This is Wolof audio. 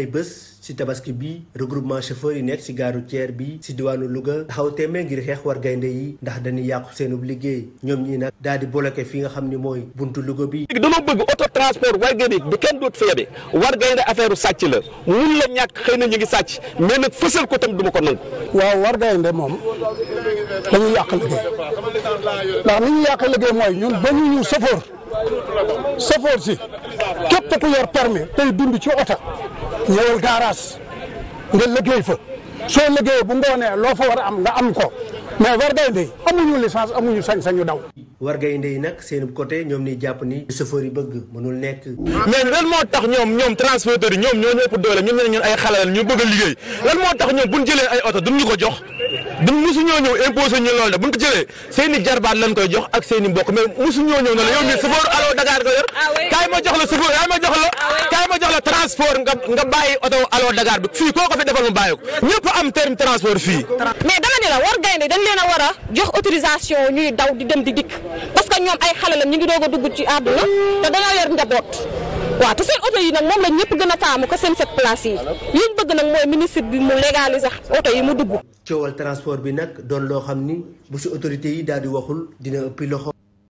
ay bés ci tabaski bi regroupement chauffeur yi nekk ci gare ceer bi ci diwaanu luga taxaw téeméer ngir xeex war gaynde yi ndax dañuy yàqu seenub liggéey ñoom ñi nag daal di bloqué fi nga xam ni mooy buntu luga bi léegi bëgg oto transport war gaynde bi kenn doot fa war gaynde affaire sàcc la mun la ñàkk xëy na ñu ngi sàcc mais nag fësal ko tam duma ko nangu waaw war gaynde moom dañuy yàq liggéey mooy ñun ba ñu chauffeur chauffeur si ku yor permis tey dund ci oto ñëwal garage nga liggéey fa soo liggéey bu ngoonee loo fa war a am nga am ko mais wargaynde yi amuñu licence amuñu sañ-sañu daw. wargaynde yi nag seen côté ñoom ni jàpp ni. chauffeur yi bëgg mënul nekk. mais lan moo tax ñoom ñoom transporteurs yi ñoom ñoo ñu ëpp doole ñun ne ñun ay xale ñu bëgg a liggéey lan moo tax ñoom bu ñu jëlee ay oto duñu ko jox. du mosuñoo ñëw imposé ñu loolu de bu ko jëlee seen jarbaat lañ koy jox ak seen mbokk mais mosuñoo ñëw ne la yow mii chauffeur allo Dakar nga yor ah kaay ma jox la chauffeur kaay ma jox la ah ma jox la transport nga nga bàyyi oto allo Dakar bi fii koo ko fi defal mu bàyyi ko ñëpp am terme transport fii. mais dama ne la war gaynde dañ leen a war a jox autorisation ñuy daw di dem di dikk parce que ñoom ay xale la ñu ngi doog a dugg ci àdduna te dañoo yor njaboot. waaw te seen oto yi nag moom la ñëpp gën a taamu ko seen set bi mu légaliser oto yi coowal transport bi nag doon loo xam ni bu si autorités yi daal di waxul dina ëppi loxo